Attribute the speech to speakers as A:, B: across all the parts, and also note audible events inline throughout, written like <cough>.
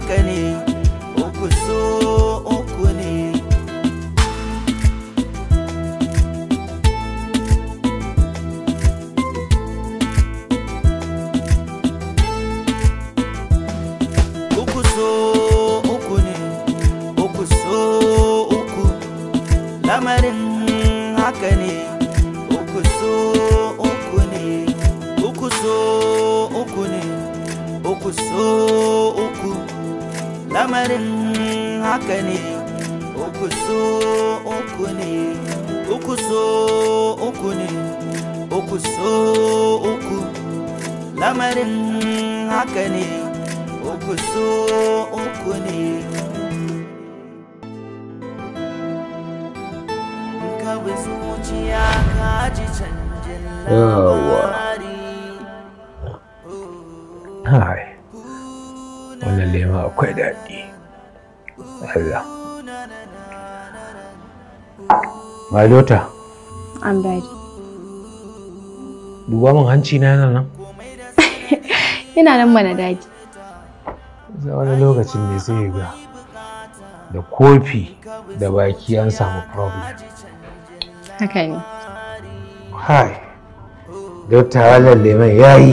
A: haka ne ku so haka ne uku so uku ne ka bi zuciya ka ji canjin
B: labari hai wannan lema akwai daɗi Allah my daughter I'm ready duba min hanci na yana nan
C: Ina nan mana daji.
B: Za wani lokacin ne sai ga da kofi da baki an samu problem. Haka ne. Hai, Dokta Halar Leman ya yi.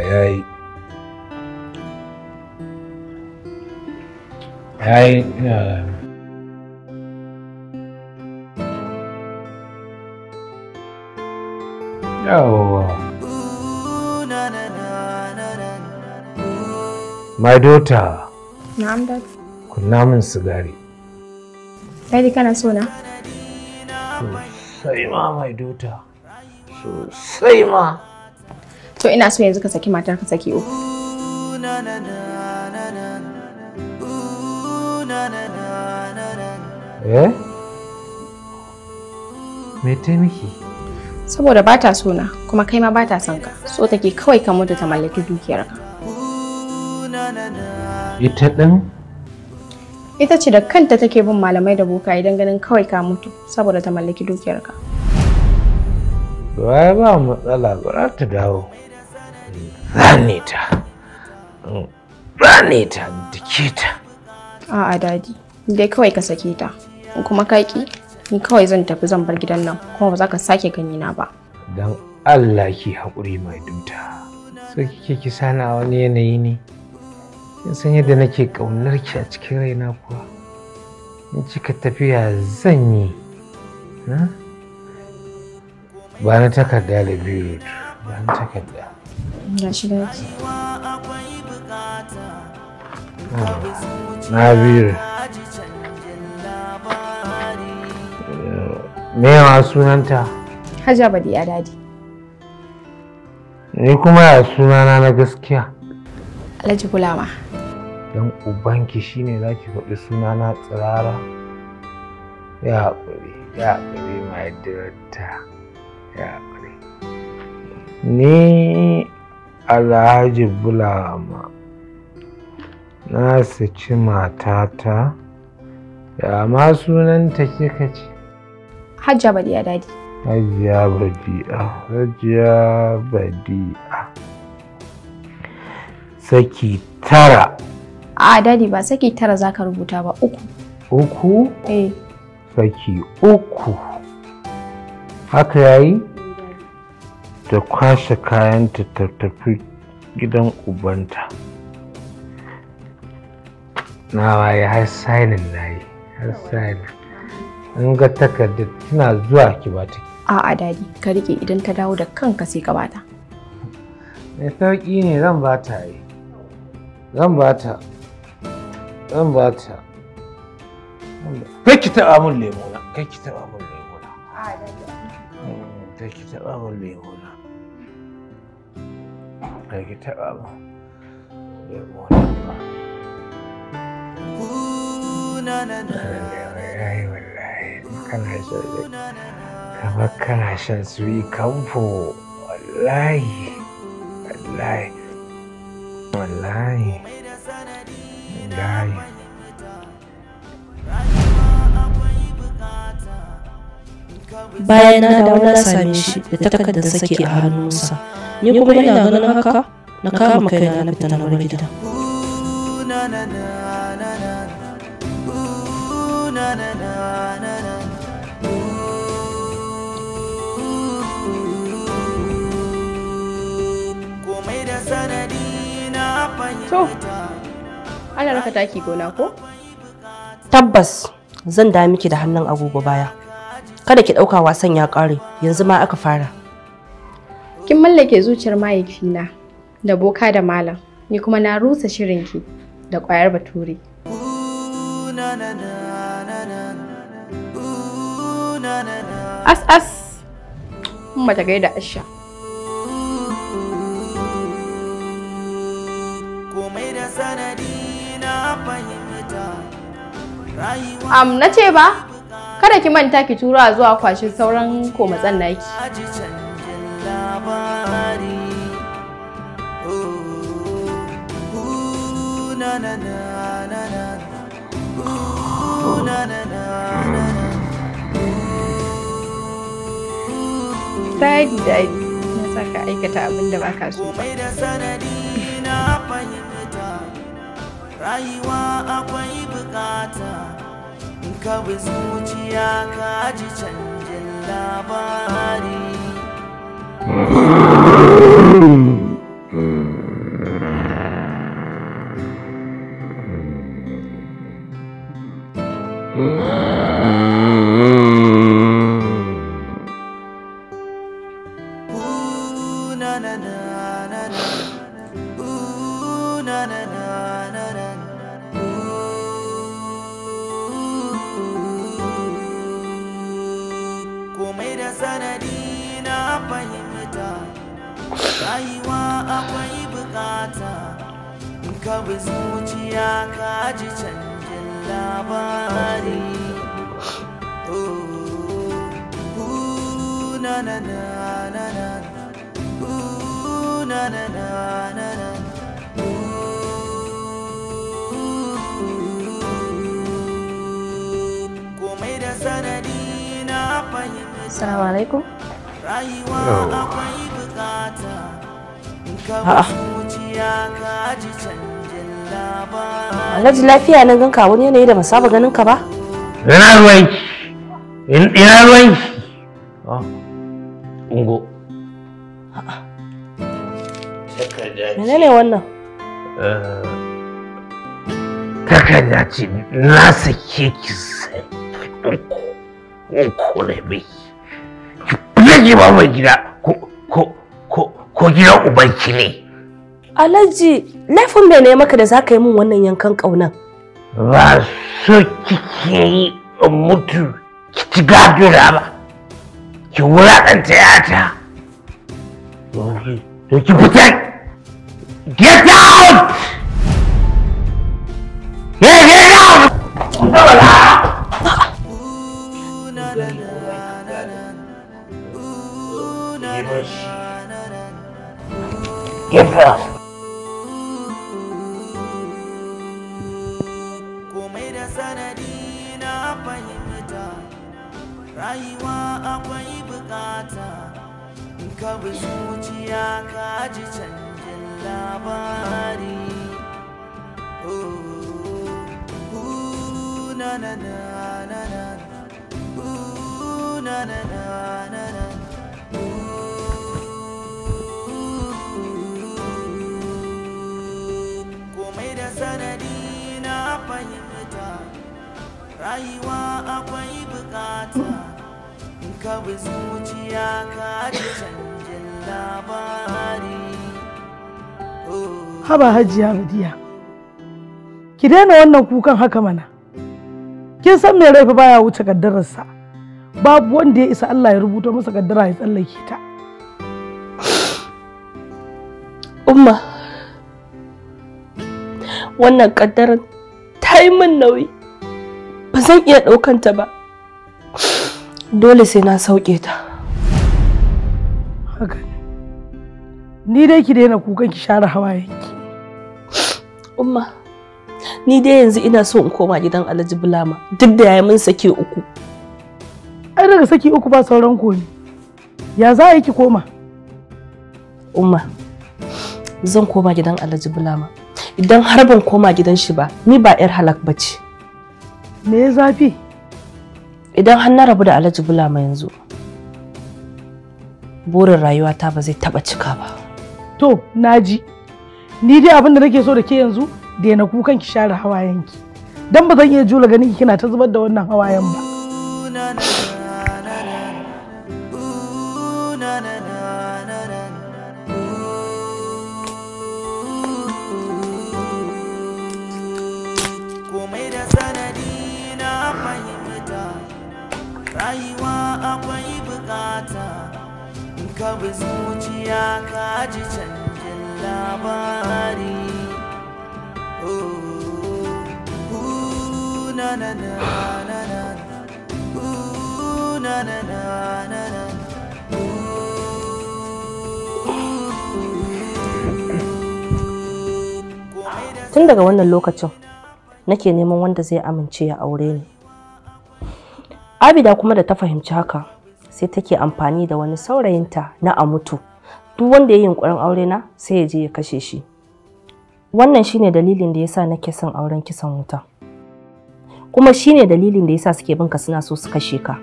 B: ya yi. Ya yi, ina Yawwa. My daughter. Na'am dad. Kunna min sigari.
C: Daddy kana so na?
B: Sosai ma my daughter. Sosai ma.
C: To ina so yanzu ka saki matar ka saki uku.
B: Eh? Me taimaki? miki?
C: saboda ba ta sona kuma kai ma ba ta son ka so take kawai ka mutu ta mallaki dukiyar ka ita din ita ce da kanta take bin malamai da boka idan ganin kawai ka mutu saboda ta mallaki dukiyar ka
B: wai ba matsala ba ta dawo zane ta mm, ta ta
C: a'a dadi dai kawai ka sake ta kuma kaki ni kawai zan tafi zan bar gidan nan kuma ba za ka sake gani na ba
B: dan Allah ki haƙuri mai duta so kike ki sani a wani yanayi ne kin san yadda nake ƙaunar ki a cikin raina kuwa in kika tafiya zan yi na ba na takarda da biyu ba na takarda
A: ah, na biyu
B: me yawa sunanta
C: hajja badi ya dadi
B: ni kuma ya sunana na gaskiya
C: alhaji bulama
B: dan ubanki shine zaki faɗi sunana tsirara ya haƙuri ya haƙuri my director ya haƙuri ni alhaji bulama na saki matata ya ma sunanta kika ce
C: hajja badi'a dadi
B: hajja badi'a hajja badi'a saki tara
C: a dadi ba saki tara zaka rubuta ba uku uku eh
B: saki uku haka yayi ta kwashe kayanta ta tafi gidan ubanta na waye har sainin na yi har sainin in ga takardar tana zuwa ki bata
C: a'a dadi ka rike idan ta dawo da kanka sai ka bata
B: mai sauƙi ne zan bata yi zan bata zan bata kai ki min lemo na kai ki taɓa min lemo
D: na kai ki taɓa
B: min lemo na mm, kai ki min lemo na na na na kana shan kamar kana shan suyi kamfo wallahi wallahi wallahi wallahi
D: bayan na dawo na same shi da takardar sake a
E: hannunsa ni kuma ina ganin haka na kama kaina na fita na na gida na na na na
A: na na
C: To, ana raka taki gona ko?
E: Tabbas zan da miki da hannun agogo baya. Kada ki ɗauka wasan ya ƙare, yanzu ma aka fara.
C: Kin mallake zuciyar mahaifina da boka da malam, ni kuma na rusa shirin ki da kwayar bature. As as, ta gaida asha. Am na ce ba, kada ki manta ki tura zuwa kwashin sauran komatsan naki. Daidai, daɗi, na saka aikata abin ba ka so ba.
A: rayuwa akwai bukata in ka bi zuciya ka ji canjin labari <laughs> rayuwa akwai bukata in ka bi zuciya ka ji canjin labari oh, na na na na na na na na na
E: Assalamu alaikum. na ji lafiya na ganka wani yanayi da ban saba ganin ka ba?
B: Ina ruwanki.
E: Ina ruwanki. Oh, ungo. Menene wannan?
B: Eh, takarda ce na sake ki sai uku.
D: Uku ne bai.
B: Ki ba mai gida ko ko ko ko gidan ubanki ne
E: alhaji laifin me ne maka da za ka yi min wannan yankan ƙaunan
B: ba so
E: kike
B: yi in mutu ki ci gadura ba ki wulaƙanta yata to ki fita get out
F: Yes, sir.
A: rayuwa akwai bukata in ka bi zuciya ka ji canjin labari na na na na na na na na na rayuwa akwai bukata in ka bi zuciya ka ji canjin labari
F: oh. haba hajiya radiya ki daina wannan kukan haka mana kin san mai laifi baya wuce kaddararsa babu wanda ya isa Allah ya rubuta masa kaddara ya tsallake ta
E: <sighs> umma wannan kaddarar ta yi min nauyi ba zan iya ɗaukanta ba dole sai na sauke ta haka ni dai ki daina kukan ki share hawayenki umma ni dai yanzu ina so in koma gidan alhaji bulama duk da yayi mun sake uku ai daga saki uku ba sauran ko ne ya za a yi ki koma umma zan koma gidan alhaji bulama idan har ban koma gidan shi ba ni ba yar halak bace me ya zafi idan har na rabu da alhaji Bula ma yanzu burin rayuwata ba zai taba cika ba to naji ni dai abin da nake so da ke yanzu
F: da na kukan ki share hawayenki dan ba zan iya jula ganin kina ta zubar da wannan hawayen ba
A: kamata in ka bi zuciya ka ji canjin labari na na na na na na na na na
E: tun daga wannan lokacin nake neman wanda zai amince ya aure ni abida kuma da ta fahimci haka sai take amfani da wani saurayinta na a mutu duk wanda ya yi yunkurin aure na sai ya je ya kashe shi wannan shine dalilin da yasa nake son auren kisan wuta kuma shine dalilin da yasa suke bin ka suna so su kashe ka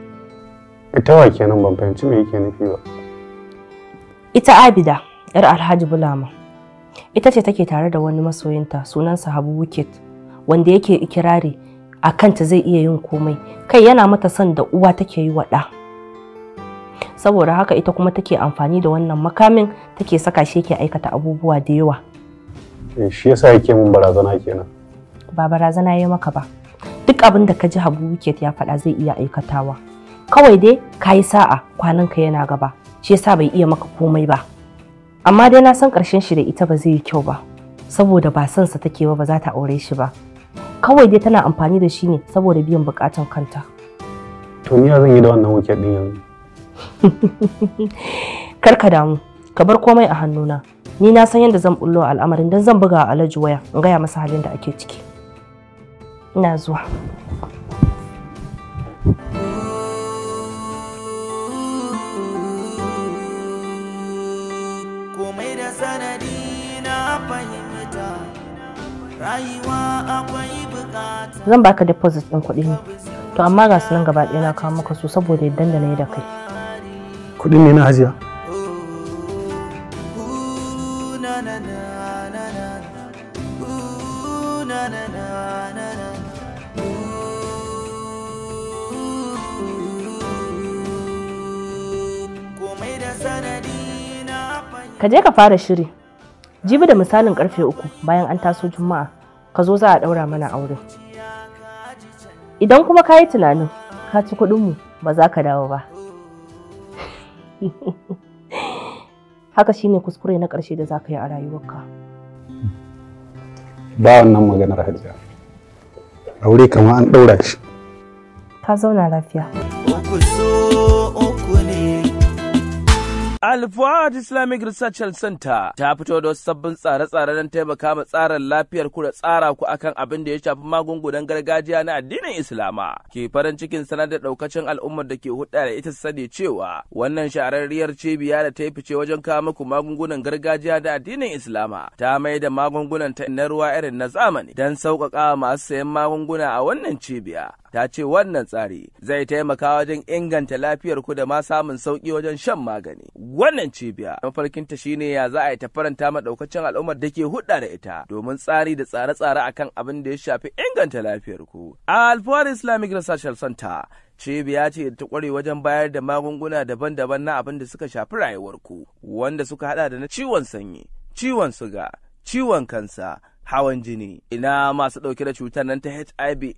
G: ita wa kenan ban fahimci me yake nufi ba
E: ita abida yar alhaji bulama ita ce take tare da wani masoyinta sunansa habu wicket wanda yake ikirari a kanta zai iya yin komai kai yana mata son da uwa take yi wa ɗa. saboda haka ita kuma take amfani da wannan makamin take saka shi yake aikata abubuwa da yawa
G: eh, shi yasa yake mun barazana kenan
E: ba barazana ya maka ba duk abin da ka ji habu wicket ya faɗa zai iya aikatawa kawai dai ka yi sa'a kwananka yana gaba shi yasa bai iya maka komai ba amma dai na san ƙarshen shi da ita ba zai yi kyau ba saboda ba son sa take ba ba za ta aure shi ba kawai dai tana amfani da shi ne saboda biyan buƙatan kanta to ni zan yi da
G: wannan wicket din yanzu
E: <laughs> Kar ka damu, ka bar komai a hannuna. Ni na san yadda zan bullo al'amarin dan zan buga Alhaji waya in gaya masa halin da ake ciki. Ina zuwa. Zan baka deposit ɗin kuɗi ne, to amma ga sunan nan gaba ɗaya na kawo maka su saboda yadda da na yi da kai.
G: kudin ne na hajiya
E: ka je ka fara shiri jibi da misalin karfe uku bayan an taso juma'a ka zo za a daura mana aure idan kuma ka yi tunanin ka ci kuɗinmu ba za ka dawo ba <laughs> haka shine kuskure na ƙarshe da zaka yi a rayuwarka
B: ba
G: wannan maganar hajiya aure kama an ɗaura shi
E: ka zauna lafiya
F: Alfuad Islamic Research Center ta fito da sabbin tsare-tsare don taimaka ma tsarin lafiyar ku da tsara ku akan abin da ya shafi magungunan gargajiya na addinin Islama. Ke farin cikin sanar da daukacin al'ummar da ke hudda da ita sani cewa wannan shahararriyar cibiya da ta yi fice wajen kawo muku magungunan gargajiya da addinin Islama ta mai da magungunan ta na ruwa irin na zamani don sauƙaƙa masu sayan magunguna a wannan cibiya. ta ce wannan tsari zai taimaka wajen inganta lafiyar ku da ma samun sauƙi wajen shan magani. wannan cibiya. Mafarkinta shine ya za a yi ta faranta ma al'ummar da ke hudda da ita domin tsari da tsare-tsare akan abin da ya shafi inganta lafiyar ku. Alfawar Islamic Research Center cibiya ce ta kware wajen bayar da magunguna daban-daban na abin da suka shafi rayuwar ku wanda suka hada da na ciwon sanyi, ciwon suga, ciwon kansa, hawan jini ina masu ɗauke da cutar nan ta hiv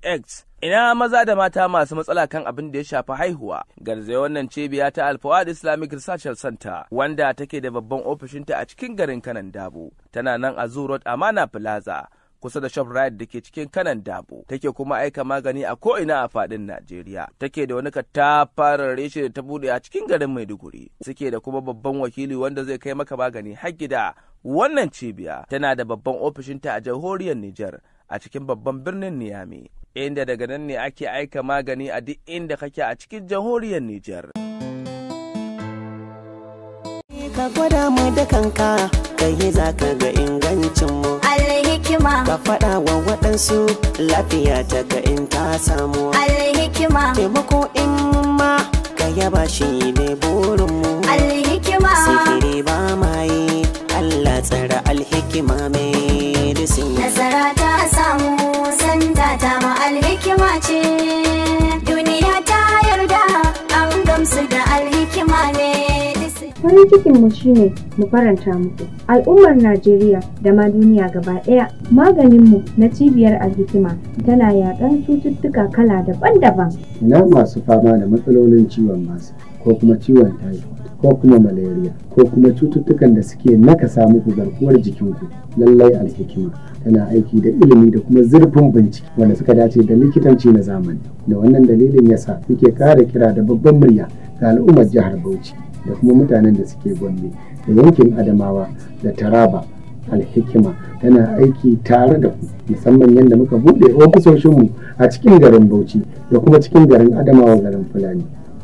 F: aids ina maza da mata masu matsala kan abin da ya shafi haihuwa garzaya wannan cibiya ta alfawad islamic research center wanda take da babban ofishinta a cikin garin kanan dabo tana nan a zoo road amana plaza kusa da shoprite da ke cikin kanan dabo take kuma aika magani a ko ko'ina a fadin najeriya take da wani katafarar reshe da ta buɗe a cikin garin maiduguri suke da kuma babban wakili wanda zai kai maka magani har gida wannan cibiya tana da babban ofishinta a jamhuriyar niger a cikin babban birnin niyami inda daga nan ne ake aika magani a duk inda kake a cikin jamhuriyar niger
D: ka gwada mu da kanka kai za ka ga ingancinmu. Allah hikima Ka faɗa
A: wa waɗansu lafiya daga ga in ta samu
C: Alhikima Taimako
D: in ma ka yaba shi ne mu. Alhikima Sihiri ba mai Allah tsara alhikima mai disin
E: farin mu shine mu faranta muku al'ummar najeriya da ma duniya gaba ɗaya mu na cibiyar alhikima tana yaƙan cututtuka kala daban-daban
G: ina masu fama da matsalolin ciwon masu ko kuma ciwon tayi ko kuma malaria ko kuma cututtukan da suke nakasa muku garkuwar jikinku lallai alhikima tana aiki da ilimi da kuma zurfin bincike wanda suka dace da likitanci na zamani da wannan dalilin yasa muke ƙara kira da babban murya ga al'ummar jihar bauchi da kuma mutanen da suke gombe da yankin adamawa da taraba alhikima tana aiki tare da ku musamman yadda muka buɗe ofisoshinmu a cikin garin bauchi da kuma cikin garin adamawa garin fulani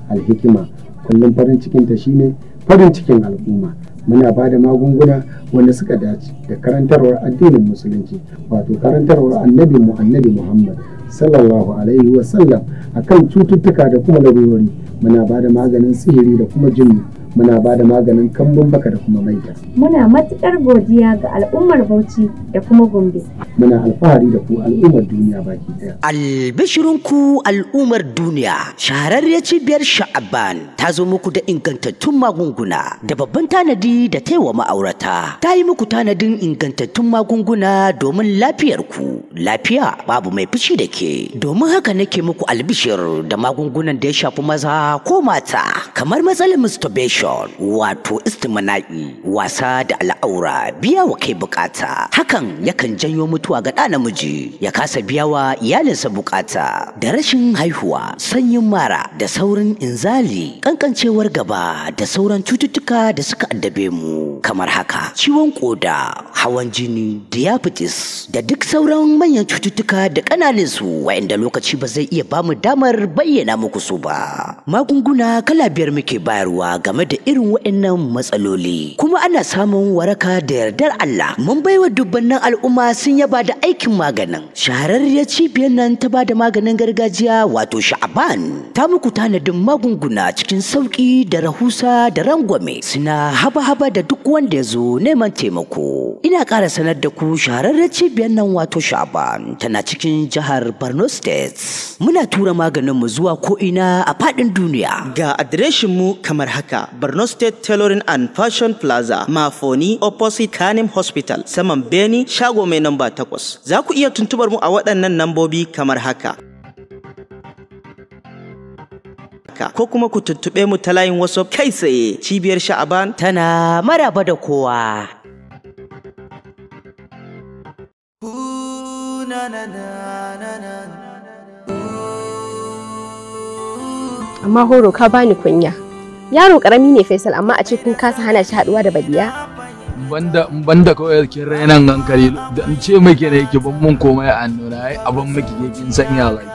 G: alhikima kullum farin cikinta shine farin cikin al'umma muna ba da magunguna wanda suka dace da karantarwar addinin musulunci wato karantarwar annabi mu annabi muhammad sallallahu alaihi wasallam akan cututtuka da kuma larurori muna ba da maganin sihiri da kuma jinnu muna ba da maganin kambun baka da kuma maita.
D: Muna matuƙar godiya ga al'ummar Bauchi da kuma Gombe.
G: Muna alfahari da ku al'ummar
B: duniya baki
D: ɗaya. Albishirinku al'ummar duniya shahararriyar cibiyar Sha'aban ta zo muku da ingantattun magunguna da babban tanadi da ta wa ma'aurata. Ta yi muku tanadin ingantattun magunguna domin lafiyar ku Lafiya babu mai fushi da ke. Domin haka nake muku albishir da magungunan da ya shafi maza ko mata kamar matsalar masturbation fashion wato istimana'i wasa da al'aura biya wa kai bukata hakan yakan janyo mutuwa ga ɗa namiji ya kasa biya wa iyalinsa bukata da rashin haihuwa sanyin mara da saurin inzali kankancewar gaba da sauran cututtuka da suka addabe mu kamar haka ciwon koda hawan jini diabetes da duk sauran manyan cututtuka da ƙananinsu wa'inda lokaci ba zai iya bamu damar bayyana muku su ba magunguna kala biyar muke bayarwa game da da irin waɗannan matsaloli kuma ana samun waraka da yardar Allah mun baiwa dubbannin al'umma sun yaba da aikin maganin shahararriyar cibiyar nan ta bada maganin gargajiya wato sha'aban ta muku tanadin magunguna cikin sauki da rahusa da rangwame suna haba-haba da duk wanda ya zo neman taimako ina ƙara sanar da ku shahararriyar cibiyar nan wato sha'aban tana cikin jihar Borno State muna tura maganin mu zuwa ko ina a faɗin duniya ga adireshin mu kamar haka Borno State Tailoring and Fashion Plaza, Mafoni, opposite Kanem Hospital, saman Beni, shago mai namba takwas. Za ku iya tuntubar mu a waɗannan nambobi kamar haka. Ko kuma ku tuntuɓe mu ta layin wasu kai tsaye cibiyar sha'aban tana maraba da kowa.
C: Amma horo ka bani kunya. yaro karami ne faisal amma a ce kun kasa hana shi haduwa da
D: badiya
H: banda banda kawai yake rainan hankali da in ce miki ne yake ban mun komai a nuna ai aban miki ke kin sanya laki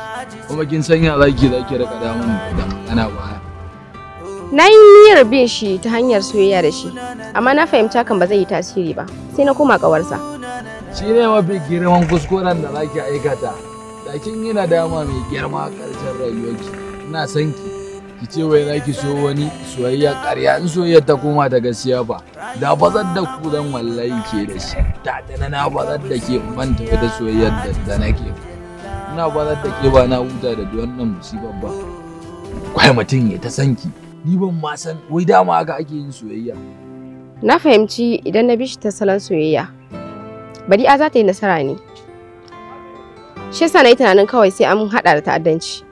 H: kuma kin sanya laki zaki rika da mun da ana ba
C: na yi niyyar bin shi ta hanyar soyayya da shi amma na fahimci hakan ba zai yi tasiri ba sai na koma kawarsa
H: shi ne mafi girman kuskuren da zaki aikata da kin yana dama mai girma karshen rayuwarki ina san ki ki ce wai zaki so wani soyayya ƙarya in soyayya ta koma ta gaskiya ba da bazar da ku zan wallahi ke da shi ta tana na bazar da ke ban tafi da soyayyar da ta nake ina bazar da ke ba na huta da wannan musibar ba kwai mutum ya ta sanki ni ban ma san wai dama haka ake yin soyayya
C: na fahimci idan na bi shi ta salon soyayya bari'a za ta yi nasara ne shi yasa na yi tunanin kawai sai an haɗa da ta'addanci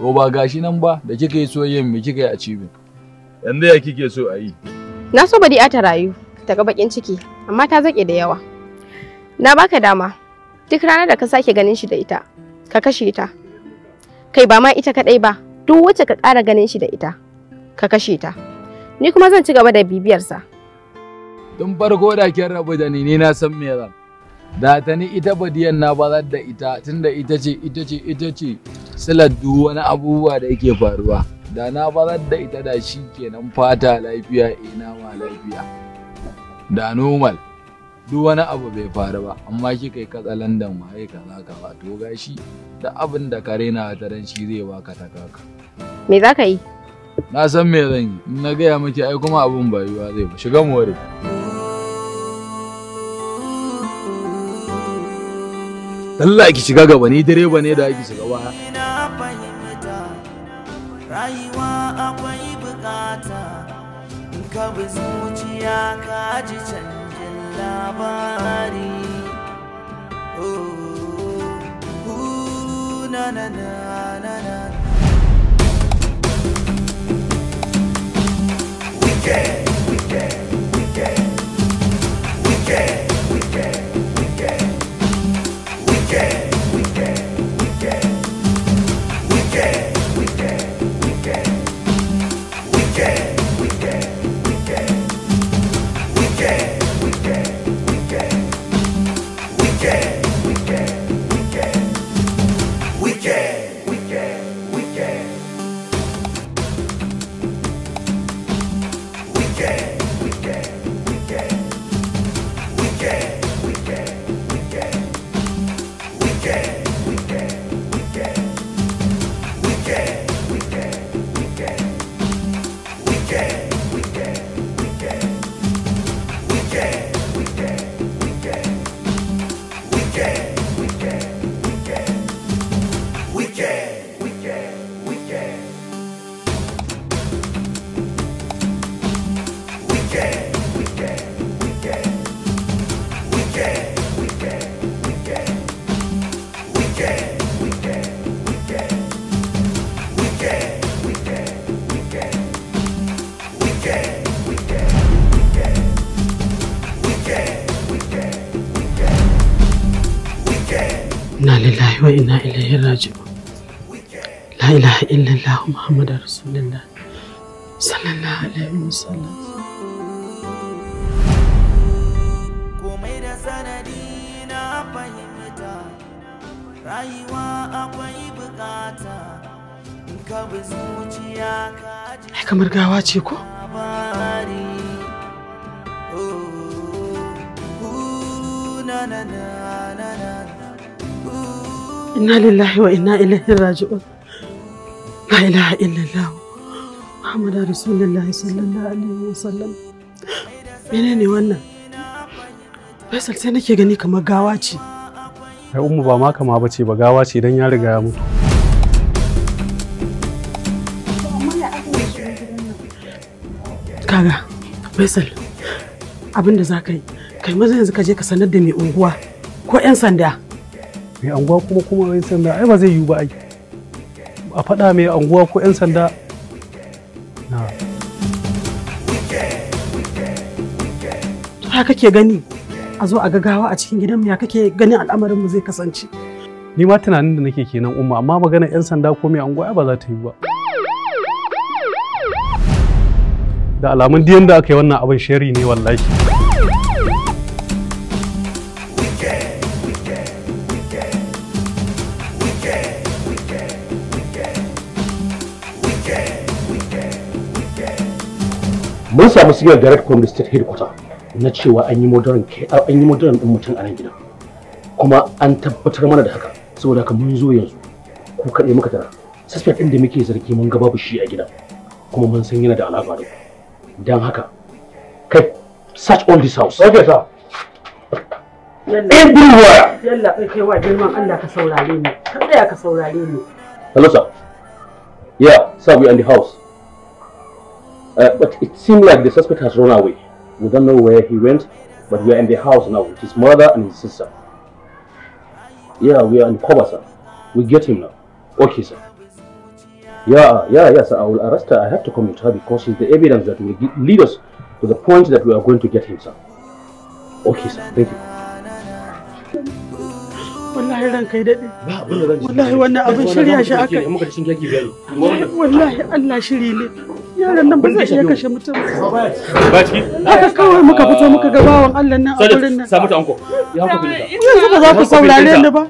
H: To ba gashi nan ba da kika yi soyayyen me kika yi a cibin. Yanzu ya kike so a yi?
C: Na so badi'a ta rayu ta ga bakin ciki amma ta zake da yawa. Na baka dama duk ranar da ka sake ganin shi da ita ka kashe ta. Kai ba ma ita kadai ba duk wacce ka kara ganin shi da ita ka kashe ta. Ni kuma zan ci gaba da bibiyarsa.
H: Tun farko da kin rabu da ni ne na san me zan. da ta ni ita badiyan na bazar da ita tunda ita ce ita ce ita ce silar duk wani abubuwa da yake faruwa da na bazar da ita da shi kenan fata lafiya ina eh, ma lafiya da normal duk wani abu bai faru ba amma shi kai katsa landan ka kaza ka to gashi da abin da kare na taran shi zai baka ta kaka me za ka yi na san me zan yi in na gaya miki ai kuma abin bayuwa zai ba shiga more Allah ki shiga gaba ni direba ne da ake shiga
F: baya
A: rayuwa akwai bukata in ka bi zuciya ka ji canjin labari oh, oh, oh, na na na
G: illallah muhammadu rasulullah sallallahu alaihi wasallam
A: komai da sanadi na fahimta rayuwa akwai bukata ka bi
G: kamar gawa ce ko
A: oh,
G: inna lillahi wa inna ilaihi raji'un la ilaha illallah muhammadu rasulullah sallallahu alaihi wasallam menene wannan faisal sai nake gani kamar gawa ce ai ummu ba ma kama ba gawa ce ya riga ya mutu kaga faisal abin da za ka yi kai maza yanzu ka je ka sanar da mai unguwa ko 'yan sanda mai unguwa kuma kuma 'yan sanda ai ba zai yiwu ba ai a faɗa mai anguwa ko 'yan sanda na ya kake gani a zo a gagawa a cikin gidan mu ya kake ganin al'amarin mu zai kasance ni ma tunanin da nake kenan umma amma magana 'yan sanda ko mai anguwa ba za ta yi ba da alamun diyan da aka yi wannan abin shari ne wallahi mun samu sigar direct from the state headquarter na cewa an yi modern an yi modern din mutum a nan gidan kuma an tabbatar mana da haka saboda haka mun zo yanzu ku kaɗai muka tara suspect din da muke zargi mun ga babu shi a gidan kuma mun san yana da alaƙa da dan haka kai search all this house okay sir everywhere yalla kai kai wa girman Allah ka saurare ni ka tsaya ka saurare ni hello sir yeah sir we in the house Uh, but it seemed like the suspect has run away. We don't know where he went, but we are in the house now with his mother and his sister. Yeah, we are in cover, sir. We get him now. Okay, sir. Yeah, yeah, yeah, sir. I will arrest her. I have to come with her because she's the evidence that will lead us to the point that we are going to get him, sir. Okay, sir. Thank you. wallahi wallahi wannan abin shirya shi wallahi Allah shiri ne yaron nan ba zai iya kashe mutum ba ciki haka kawai muka fito muka ga bawan Allah nan a gurin nan samu ta anko ya fita za ku saurare ni ba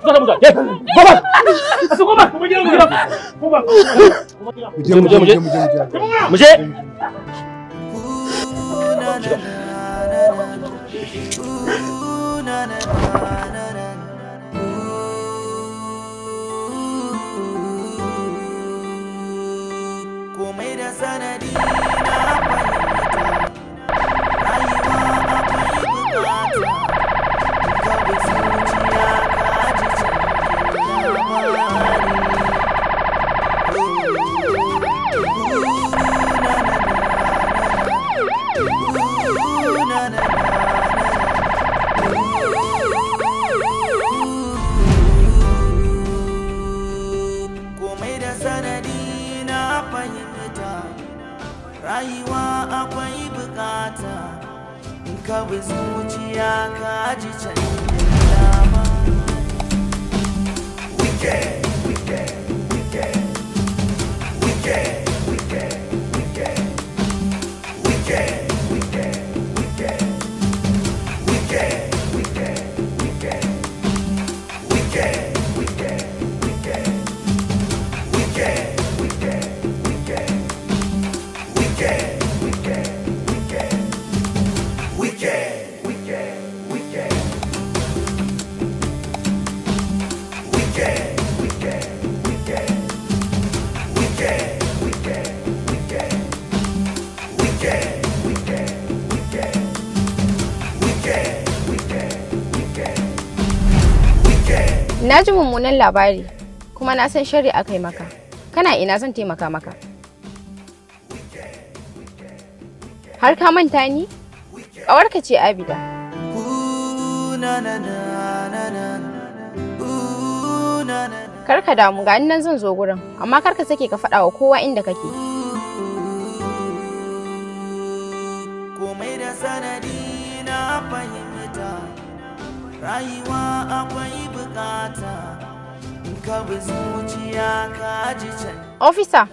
G: Zo mu
A: Komai da sanadi
C: Na ji mummunan labari kuma na san shari a kai maka. Kana ina zan taimaka maka. Har ka manta ni? Ƙawarka ce Abida. Karka damu ga nan zan zo gurin, amma karka sake ka faɗa wa kowa inda kake.
A: rayuwa akwai bukata ka bi zuciya ka ji
C: officer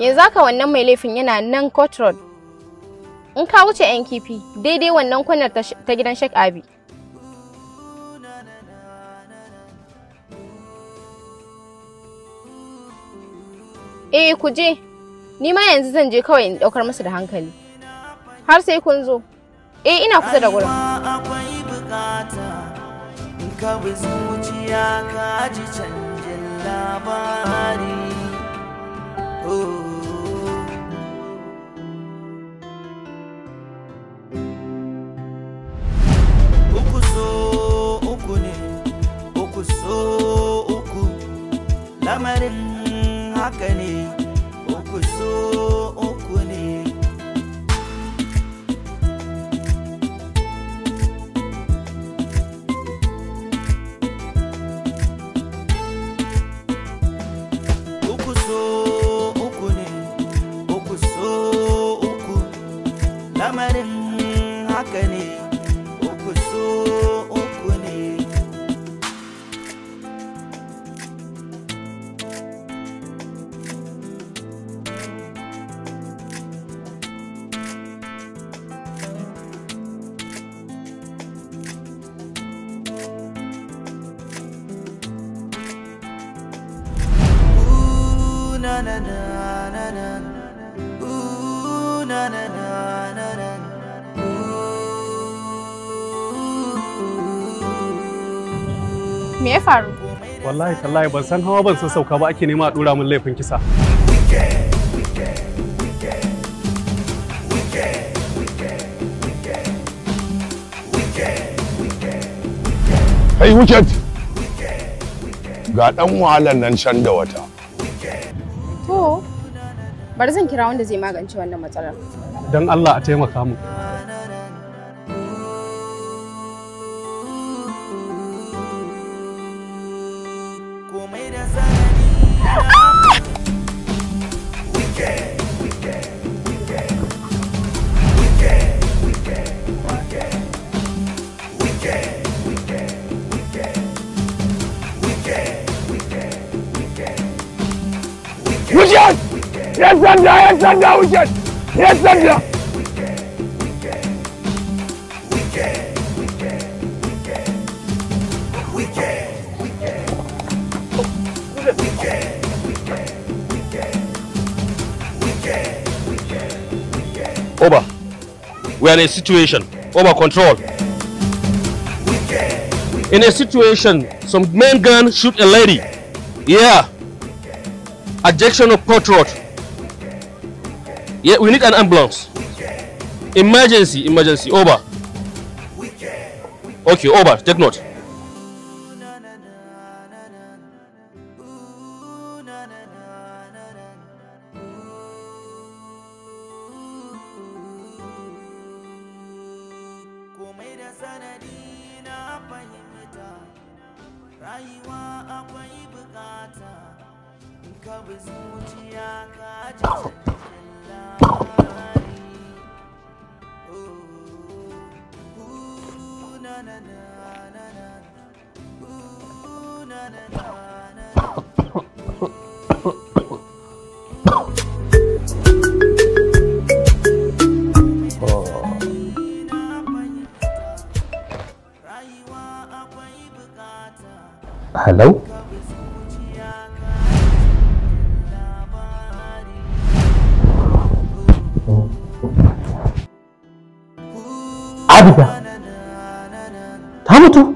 C: yanzu haka wannan mai laifin yana nan court road in ka wuce yan kifi daidai wannan kwanar ta gidan Sheikh abi eh ku je ni ma yanzu zan je kawai in ɗaukar masa da hankali har sai kun zo eh ina kusa da gurin
A: ka bi zuciya ka ji canjin labari oh. uku so uku uku lamarin haka ne na na na na na na na na na
C: me ya faru
G: wallahi tallahi ban san hawa ban san sauka ba ake nema a dora min laifin kisa kai wucet ga dan wahalar nan can da wata
C: bari zan kira wanda zai magance wannan matsalar
G: don Allah a taimaka mu
B: Would Yes, Sandra, yes, Sandra, wicked. Yes, Sandra.
G: Oba, we are in a situation. Oba, control. In a situation, some men gun shoot a lady. Yeah. Ejection of port yeah, we need an ambulance. Emergency, emergency, over. Okay, over, take note. abida ta mutu